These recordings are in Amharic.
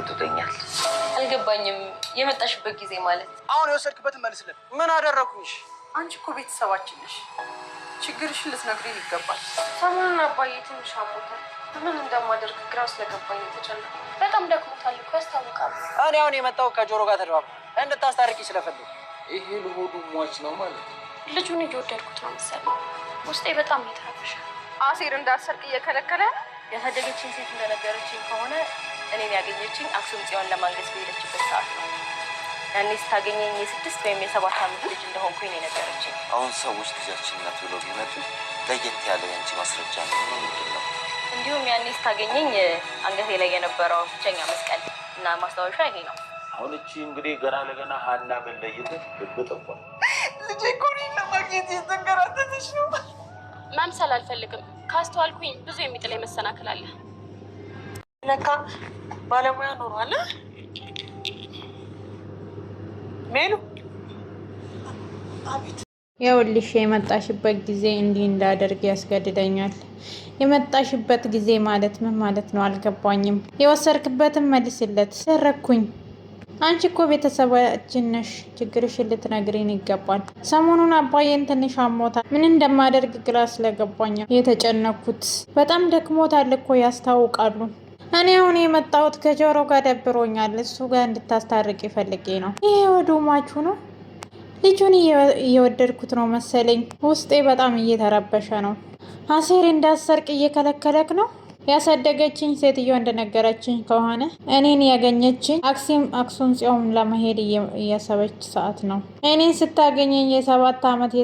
አስገድዶኛል። አልገባኝም። የመጣሽበት ጊዜ ማለት አሁን የወሰድክበትን መልስልን። ምን አደረኩሽ? አንቺ እኮ ቤተሰባችን ነሽ። ችግርሽን ልትነግሪኝ ይገባል። ሰሞኑን አባዬ ትንሽ አሞታል። ምን እንደማደርግ ግራ ስለገባኝ የተጨነኩ በጣም ደክሞታል እኮ ያስታውቃል። እኔ አሁን የመጣው ከጆሮ ጋር ተደባብ እንድታስታርቂ ስለፈለኩ ይሄ ልሆዱ ሟች ነው ማለት ልጁን እየወደድኩት ነው መሰለኝ። ውስጤ በጣም እየተረበሸ አሴር እንዳሰርቅ እየከለከለ ያሳደገችን ሴት እንደነገረችኝ ከሆነ እኔን ያገኘችኝ አክሱም ጽዮን ለማንገስ በሄደችበት ሰዓት ነው። ያኔ ስታገኘኝ የስድስት ወይም የሰባት ዓመት ልጅ እንደሆንኩኝ ነው የነገረችኝ። አሁን ሰዎች ልጃችን ናት ብሎ ቢመጡ ለየት ያለ የአንቺ ማስረጃ ነው ምንድን ነው? እንዲሁም ያኔ ስታገኘኝ አንገቴ ላይ የነበረው ብቸኛ መስቀል እና ማስታወሻ ይሄ ነው። አሁን እቺ እንግዲህ ገና ለገና ሀና በለይት ልብ ጠቋል። ልጄ እኮ ለማግኘት የተንገራተተች ነው። መምሰል አልፈልግም። ካስተዋልኩኝ ብዙ የሚጥለኝ መሰናክል አለ። ለካ ባለሙያ አለ ሜሉ ይኸውልሽ የመጣሽበት ጊዜ እንዲህ እንዳደርግ ያስገድደኛል። የመጣሽበት ጊዜ ማለት ምን ማለት ነው? አልገባኝም። የወሰርክበትን መልስለት። ሰረኩኝ። አንቺ እኮ ቤተሰባችን ነሽ፣ ችግርሽን ልትነግሪን ይገባል። ሰሞኑን አባዬን ትንሽ አሞታል። ምን እንደማደርግ ግራ ስለገባኝ የተጨነኩት። በጣም ደክሞታል እኮ ያስታውቃሉ። እኔ አሁን የመጣሁት ከጆሮ ጋር ደብሮኛል፣ እሱ ጋር እንድታስታርቅ ይፈልጌ ነው። ይሄ ወዱማችሁ ነው። ልጁን እየወደድኩት ነው መሰለኝ። ውስጤ በጣም እየተረበሸ ነው። አሴር እንዳሰርቅ እየከለከለክ ነው። ያሳደገችኝ ሴትዮ እንደነገረችኝ ከሆነ እኔን ያገኘችኝ አክሲም አክሱም ጽዮን ለመሄድ እያሰበች ሰዓት ነው። እኔን ስታገኘኝ የሰባት ዓመት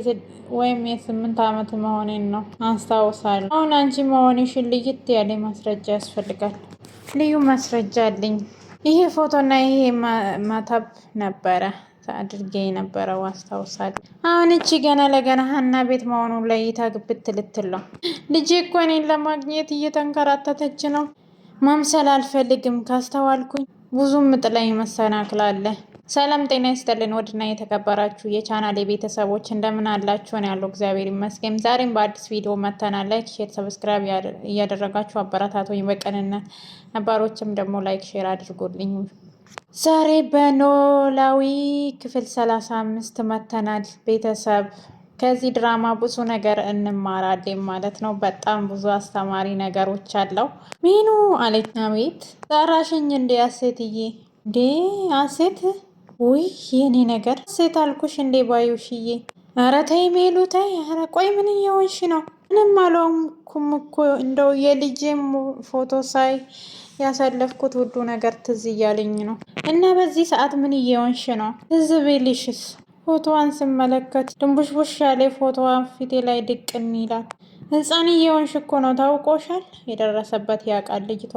ወይም የስምንት ዓመት መሆኔን ነው አስታውሳለሁ። አሁን አንቺ መሆንሽን ልይት ያለ ማስረጃ ያስፈልጋል። ልዩ ማስረጃ አለኝ። ይሄ ፎቶና ይሄ ማታብ ነበረ አድርጌ የነበረው አስታውሳለሁ። አሁን እቺ ገና ለገና ሀና ቤት መሆኑ ላይ ይታግብት ልትለው ልጄ እኮ እኔን ለማግኘት እየተንከራተተች ነው። መምሰል አልፈልግም። ካስተዋልኩኝ ብዙም መሰናክል አለ። ሰላም ጤና ይስጥልን። ወድና የተከበራችሁ የቻናል የቤተሰቦች እንደምን አላችሁ? ነው ያለው እግዚአብሔር ይመስገን። ዛሬም በአዲስ ቪዲዮ መተናል። ላይክ፣ ሼር፣ ሰብስክራይብ እያደረጋችሁ አበረታቶኝ በቅንነት ነባሮችም ደግሞ ላይክ ሼር አድርጉልኝ። ዛሬ በኖላዊ ክፍል ሰላሳ አምስት መተናል ቤተሰብ ከዚህ ድራማ ብዙ ነገር እንማራለን ማለት ነው። በጣም ብዙ አስተማሪ ነገሮች አለው። ሚኑ አለች ናቤት ጠራሽኝ እንዴ አሴትዬ? እንዴ አሴት ውይ የኔ ነገር ሴት አልኩሽ እንዴ ባዩሽዬ! ኧረ ተይ ሜሉ ተይ! ኧረ ቆይ ምን እየሆንሽ ነው? ምንም አልሆንኩም እኮ እንደው የልጄም ፎቶ ሳይ ያሳለፍኩት ሁሉ ነገር ትዝ እያለኝ ነው። እና በዚህ ሰዓት ምን እየሆንሽ ነው? ትዝ ብልሽስ ፎቶዋን ስመለከት ድንቡሽቡሽ ያለ ፎቶዋ ፊቴ ላይ ድቅን ይላል። ህፃን እየሆንሽ እኮ ነው። ታውቆሻል። የደረሰበት ያውቃል ልጅቷ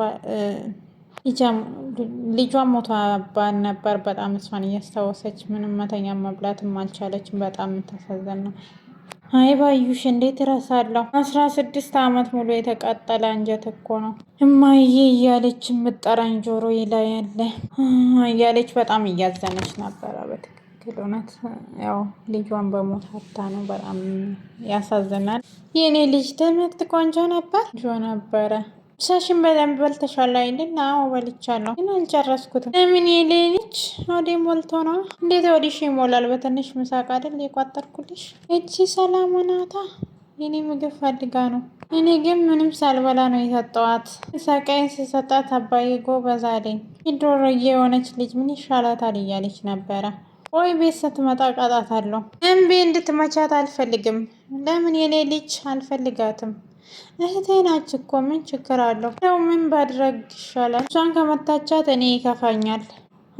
ልጇን ሞቷባት ነበር። በጣም እሷን እያስታወሰች ምንም መተኛ መብላትም አልቻለችም። በጣም የምታሳዘን ነው። አይ ባዩሽ እንዴት እረሳለሁ? አስራ ስድስት አመት ሙሉ የተቃጠለ አንጀት እኮ ነው እማዬ እያለች የምጠራኝ ጆሮ ላይ ያለ እያለች በጣም እያዘነች ነበረ። በትክክል እውነት ያው ልጇን በሞት ሀታ ነው። በጣም ያሳዝናል። የእኔ ልጅ ትምህርት ቆንጆ ነበር ጆ ነበረ ምሳሽን በደንብ በልተሻል አይደል? አዎ በልቻለሁ፣ ግን አልጨረስኩትም። ለምን የሌልች ወዴ ሞልቶ ነው? እንዴት ወዲሽ ይሞላል? በትንሽ ምሳቅ አይደል የቋጠርኩልሽ። እቺ ሰላም ናታ። የኔ ምግብ ፈልጋ ነው። እኔ ግን ምንም ሳልበላ ነው የሰጠዋት። ሳቃይን ስሰጣት አባዬ ጎበዝ አለኝ። የዶሮዬ የሆነች ልጅ ምን ይሻላታል እያለች ነበረ። ቆይ ቤት ስትመጣ ቃጣታለሁ። እምቢ እንድትመቻት አልፈልግም። ለምን ልጅ አልፈልጋትም እህቴ ናች እኮ ምን ችግር አለው? ያው ምን ባድረግ ይሻላል? እሷን ከመታቻት እኔ ይከፋኛል።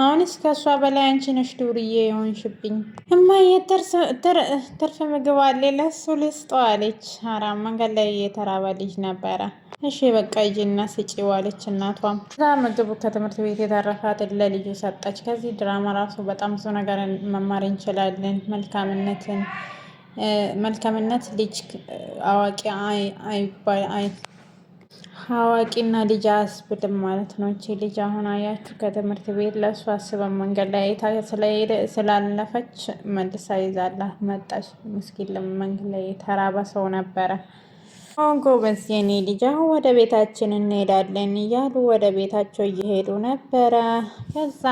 አሁንስ ከእሷ በላይ አንቺ ነሽ ዱርዬ የሆንሽብኝ። እማዬ ትርፍ ምግብ አለ ለሱ ልስጠው አለች። ኧረ መንገድ ላይ የተራበ ልጅ ነበረ። እሺ በቃ ሂጂና ስጪ ዋለች እናቷም። ከዛ ምግብ ከትምህርት ቤት የተረፋትን ለልጁ ሰጠች። ከዚህ ድራማ ራሱ በጣም ብዙ ነገር መማር እንችላለን መልካምነትን መልካምነት ልጅ አዋቂ አዋቂና ልጅ አያስብልም ማለት ነው። እቺ ልጅ አሁን አያችሁ ከትምህርት ቤት ለእሱ አስበን መንገድ ላይ ስለሄደ ስላለፈች መልሳ ይዛላ መጣች። ምስኪን መንገድ ላይ የተራበ ሰው ነበረ። አሁን ጎበዝ የኔ ልጅ አሁን ወደ ቤታችን እንሄዳለን እያሉ ወደ ቤታቸው እየሄዱ ነበረ ከዛ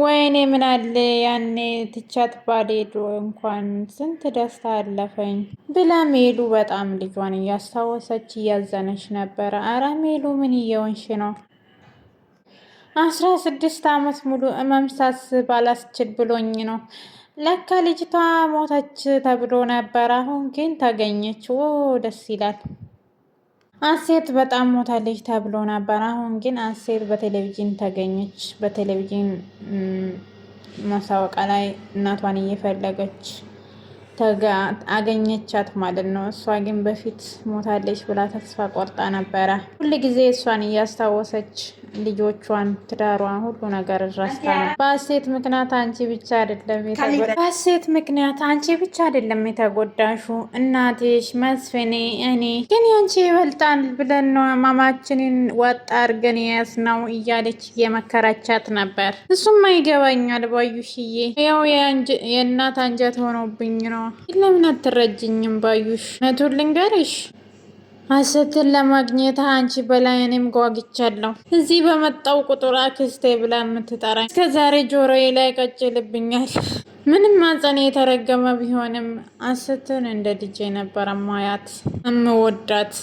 ወይኔ ምን አለ ያኔ ትቻት ባሌዶ እንኳን ስንት ደስታ አለፈኝ ብላ ሜሉ በጣም ልጇን እያስታወሰች እያዘነች ነበረ። አረ ሜሉ ምን እየወንሽ ነው? አስራ ስድስት ዓመት ሙሉ እመም ሳስብ አላስችል ብሎኝ ነው። ለካ ልጅቷ ሞተች ተብሎ ነበር። አሁን ግን ተገኘች። ኦ ደስ ይላል። አሴት በጣም ሞታለች ተብሎ ነበር። አሁን ግን አሴት በቴሌቪዥን ተገኘች። በቴሌቪዥን ማስታወቂያ ላይ እናቷን እየፈለገች አገኘቻት ማለት ነው። እሷ ግን በፊት ሞታለች ብላ ተስፋ ቆርጣ ነበረ። ሁል ጊዜ እሷን እያስታወሰች ልጆቿን፣ ትዳሯን፣ ሁሉ ነገር ረስታ ነው። በሀሴት ምክንያት አንቺ ብቻ አይደለም በሀሴት ምክንያት አንቺ ብቻ አይደለም የተጎዳሹ እናትሽ መስፍኔ፣ እኔ ግን አንቺ ይበልጣል ብለን ነው ማማችንን ወጣ አርገን ያዝ ነው እያለች እየመከራቻት ነበር። እሱማ ይገባኛል ባዩሽዬ፣ ያው የእናት አንጀት ሆኖብኝ ነው። ለምን አትረጅኝም ባዩሽ? እውነቱን ልንገርሽ አሰትን ለማግኘት አንቺ በላይ እኔም ጓግቻለሁ። እዚህ በመጣው ቁጥር አክስቴ ብላ የምትጠራኝ እስከ ዛሬ ጆሮዬ ላይ ቀጭልብኛል። ምንም ማጸኔ የተረገመ ቢሆንም አሰትን እንደ ልጄ ነበር ማያት እምወዳት።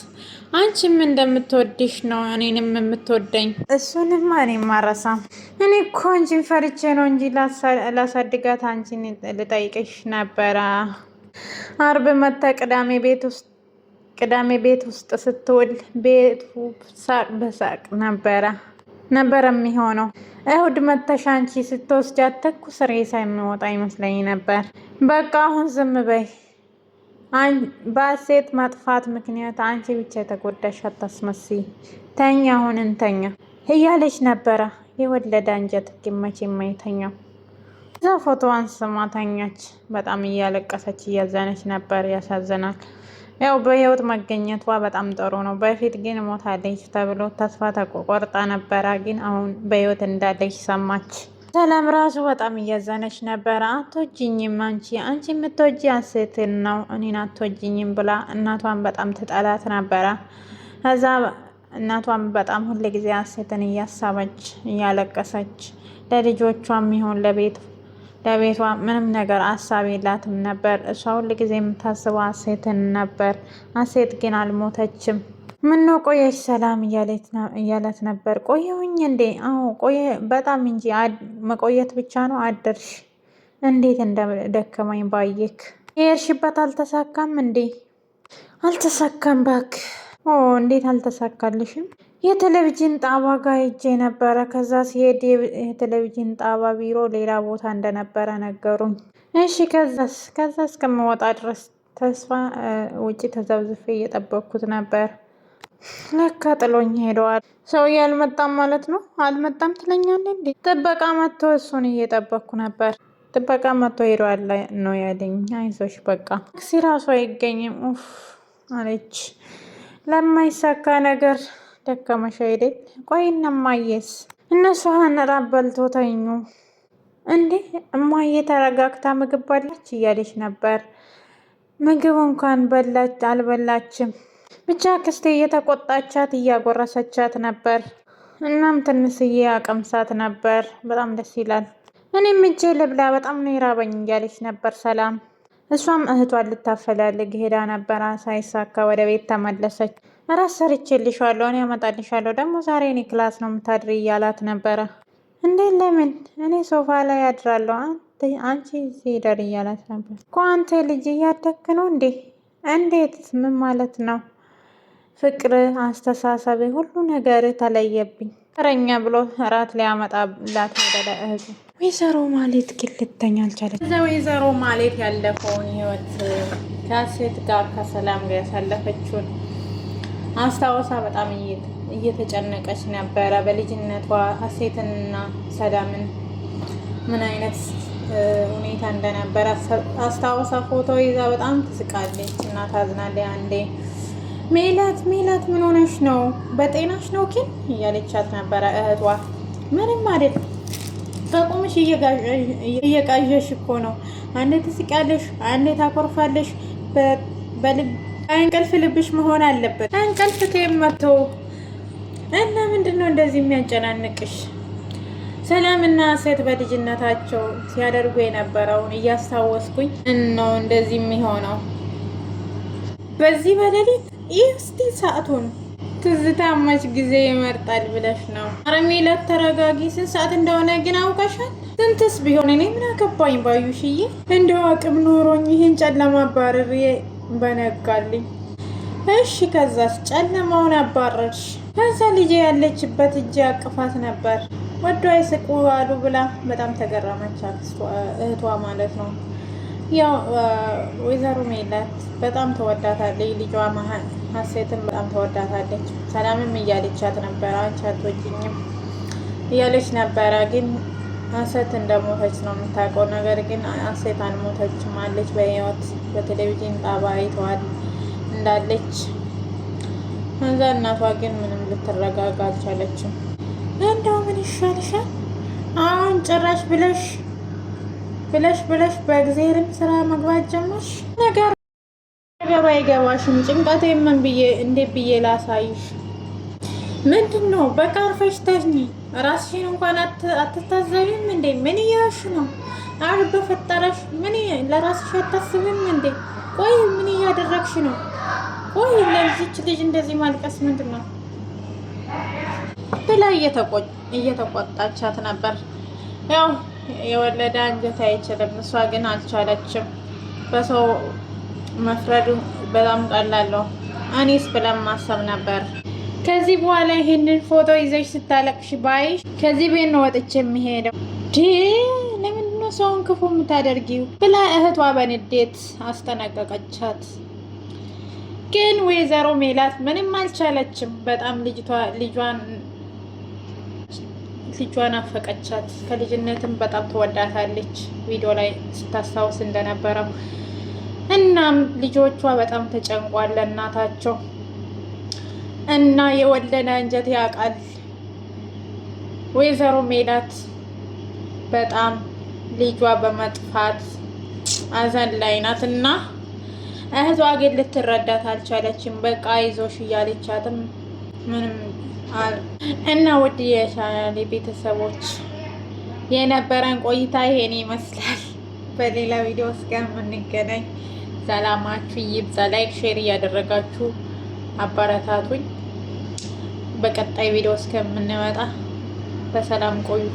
አንቺም እንደምትወድሽ ነው እኔንም የምትወደኝ። እሱንማ እኔም አረሳም። እኔ እኮ አንቺን ፈርቼ ነው እንጂ ላሳድጋት አንቺን ልጠይቅሽ ነበረ። አርብ መታ ቅዳሜ ቤት ውስጥ ቅዳሜ ቤት ውስጥ ስትውል ቤቱ ሳቅ በሳቅ ነበረ ነበረ የሚሆነው። እሁድ መተሻንቺ አንቺ ስትወስጃት ተኩስ ሬሳ የሚወጣ ይመስለኝ ነበር። በቃ አሁን ዝም በይ። በሴት መጥፋት ምክንያት አንቺ ብቻ የተጎዳሽ አታስመሲ። ተኛ፣ አሁን እንተኛ እያለች ነበረ። የወለደ አንጀት መቼ የማይተኛው እዛ ፎቶዋን ስማ ተኛች። በጣም እያለቀሰች እያዘነች ነበር። ያሳዝናል። ያው በህይወት መገኘቷ በጣም ጥሩ ነው። በፊት ግን ሞታለች ተብሎ ተስፋ ተቆርጣ ነበረ። ግን አሁን በህይወት እንዳለች ሰማች። ሰላም ራሱ በጣም እያዘነች ነበረ። አትወጂኝም አንቺ አንቺ የምትወጂ ሴትን ነው እኔን አትወጂኝም ብላ እናቷን በጣም ትጠላት ነበረ። ከዛ እናቷን በጣም ጊዜ ሴትን እያሳበች እያለቀሰች ለልጆቿም ይሁን ለቤት ለቤቷ ምንም ነገር አሳቢ የላትም ነበር። እሷ ሁል ጊዜ የምታስበው አሴትን ነበር። አሴት ግን አልሞተችም። ምነው ቆየች ሰላም እያለት ነበር። ቆየውኝ እንዴ? አዎ ቆየ በጣም እንጂ መቆየት ብቻ ነው። አደርሽ እንዴት እንደደከመኝ ባየክ። የሄድሽበት አልተሳካም እንዴ? አልተሳካም ባክ ኦ እንዴት አልተሳካልሽም? የቴሌቪዥን ጣባ ጋር ሄጄ ነበረ። ከዛ ሲሄድ የቴሌቪዥን ጣባ ቢሮ ሌላ ቦታ እንደነበረ ነገሩኝ። እሺ ከዛስ? ከዛ እስከምወጣ ድረስ ተስፋ ውጭ ተዘብዝፌ እየጠበኩት ነበር። ለካ ጥሎኝ ሄደዋል። ሰውዬ አልመጣም ማለት ነው። አልመጣም ትለኛለ እንዴ? ጥበቃ መጥቶ እሱን እየጠበኩ ነበር። ጥበቃ መጥቶ ሄደዋል ነው ያለኝ። አይዞሽ በቃ ታክሲ ራሱ አይገኝም ኡፍ አለች። ለማይሳካ ነገር ደከመሽ አይደል? ቆይ እነማየስ? እነሱ ሀነራን በልቶ ተኙ። እንዴ እማዬ ተረጋግታ ምግብ በላች እያለች ነበር። ምግብ እንኳን በላች አልበላችም። ብቻ ክስቴ እየተቆጣቻት እያጎረሰቻት ነበር። እናም ትንስዬ አቀምሳት ነበር። በጣም ደስ ይላል። እኔም እጄ ልብላ በጣም ነው ይራበኝ እያለች ነበር ሰላም እሷም እህቷን ልታፈላልግ ሄዳ ነበረ፣ ሳይሳካ ወደ ቤት ተመለሰች። እራት ሰርቼልሻለሁ፣ እኔ አመጣልሻለሁ፣ ደግሞ ዛሬ እኔ ክላስ ነው የምታድሪ እያላት ነበረ። እንዴ ለምን እኔ ሶፋ ላይ አድራለሁ፣ አንቺ እዚህ እያላት ነበር። እኮ አንተ ልጅ እያደግክ ነው እንዴ? እንዴት? ምን ማለት ነው? ፍቅር፣ አስተሳሰብ፣ ሁሉ ነገር ተለየብኝ። ረኛ ብሎ እራት ሊያመጣላት ወደ እህቱ ወይዘሮ ማለት ግን ልተኛ አልቻለች። እዛ ወይዘሮ ማለት ያለፈውን ህይወት ከሴት ጋር ከሰላም ጋር ያሳለፈችውን አስታወሳ በጣም እየተጨነቀች ነበረ። በልጅነቷ ሀሴትንና ሰላምን ምን አይነት ሁኔታ እንደነበረ አስታወሳ። ፎቶ ይዛ በጣም ትስቃለች እና ታዝናለች። አንዴ ሜላት ሜላት ምን ሆነሽ ነው? በጤናሽ ነው ኪን እያለቻት ነበረ እህቷ ምንም አይደል ከቁምሽ እየቃዠሽ እኮ ነው። አንዴ ትስቂያለሽ፣ አንዴ ታኮርፋለሽ። ከእንቅልፍ ልብሽ መሆን አለበት። ከእንቅልፍ ከመተው እና ምንድን ነው እንደዚህ የሚያጨናንቅሽ? ሰላምና ሴት በልጅነታቸው ሲያደርጉ የነበረውን እያስታወስኩኝ ነው እንደዚህ የሚሆነው በዚህ በሌሊት ይህ እስቲ ሰዓቱን ትዝታ ጊዜ ይመርጣል ብለሽ ነው? ኧረ ሜላት ተረጋጊ። ስንት ሰዓት እንደሆነ ግን አውቀሻል? ስንትስ ቢሆን እኔ ምን አገባኝ? ባዩሽዬ እንደው አቅም ኖሮኝ ይህን ጨለማ አባረር በነጋልኝ። እሺ ከዛስ? ጨለማውን አባረርሽ። ከዛ ልጄ ያለችበት እጅ አቅፋት ነበር ወዷ ይስቁ አሉ ብላ በጣም ተገረመች፣ እህቷ ማለት ነው። ያው ወይዘሮ ሜላት በጣም ተወዳታለች። ልጇ ሀሴትን በጣም ተወዳታለች። ሰላምም እያለቻት ነበረ፣ አንቺ አትወጂኝም እያለች ነበረ። ግን ሀሴት እንደሞተች ነው የምታውቀው። ነገር ግን ሀሴት አልሞተችም አለች። በህይወት በቴሌቪዥን ጣባ አይተዋል እንዳለች ከዛ እናቷ ግን ምንም ልትረጋጋ አልቻለችም። እንደው ምን ይሻልሻል አሁን ጭራሽ ብለሽ ብለሽ ብለሽ በእግዜርም ስራ መግባት ጀመርሽ። ነገር ነገሩ አይገባሽም። ጭንቀቴ ምን ብዬ እንዴት ብዬ ላሳይሽ? ምንድን ነው በቃ አርፈሽ ተኝ። ራስሽን እንኳን አትታዘቢም እንዴ? ምን እያልሽ ነው? አር በፈጠረሽ ምን ለራስሽ አታስብም እንዴ? ቆይ ምን እያደረግሽ ነው? ቆይ ለዚች ልጅ እንደዚህ ማልቀስ ምንድን ነው ብላ እየተቆጣቻት ነበር ያው የወለደ አንጀት አይችልም። እሷ ግን አልቻለችም። በሰው መፍረዱ በጣም ቀላለሁ እኔስ ብለን ማሰብ ነበር። ከዚህ በኋላ ይህንን ፎቶ ይዘሽ ስታለቅሽ ባይሽ ከዚህ ቤት ነው ወጥቼ የሚሄደው። ለምንድነው ሰውን ክፉ የምታደርጊው? ብላ እህቷ በንዴት አስጠነቀቀቻት። ግን ወይዘሮ ሜላት ምንም አልቻለችም። በጣም ልጅቷ ልጇን ልጇን አፈቀቻት። ከልጅነትም በጣም ትወዳታለች። ቪዲዮ ላይ ስታስታውስ እንደነበረው እናም ልጆቿ በጣም ተጨንቋል ለእናታቸው እና የወለደ እንጀት ያውቃል። ወይዘሮ ሜላት በጣም ልጇ በመጥፋት አዘን ላይ ናት እና እህቷ ግን ልትረዳት አልቻለችም። በቃ ይዞሽ እያለቻትም ምንም እና ውድ የቻናሌ ቤተሰቦች የነበረን ቆይታ ይሄን ይመስላል። በሌላ ቪዲዮ እስከምንገናኝ ሰላማችሁ ይብዛ። ላይክ ሼር እያደረጋችሁ አበረታቱኝ። በቀጣይ ቪዲዮ እስከምንመጣ በሰላም ቆዩ።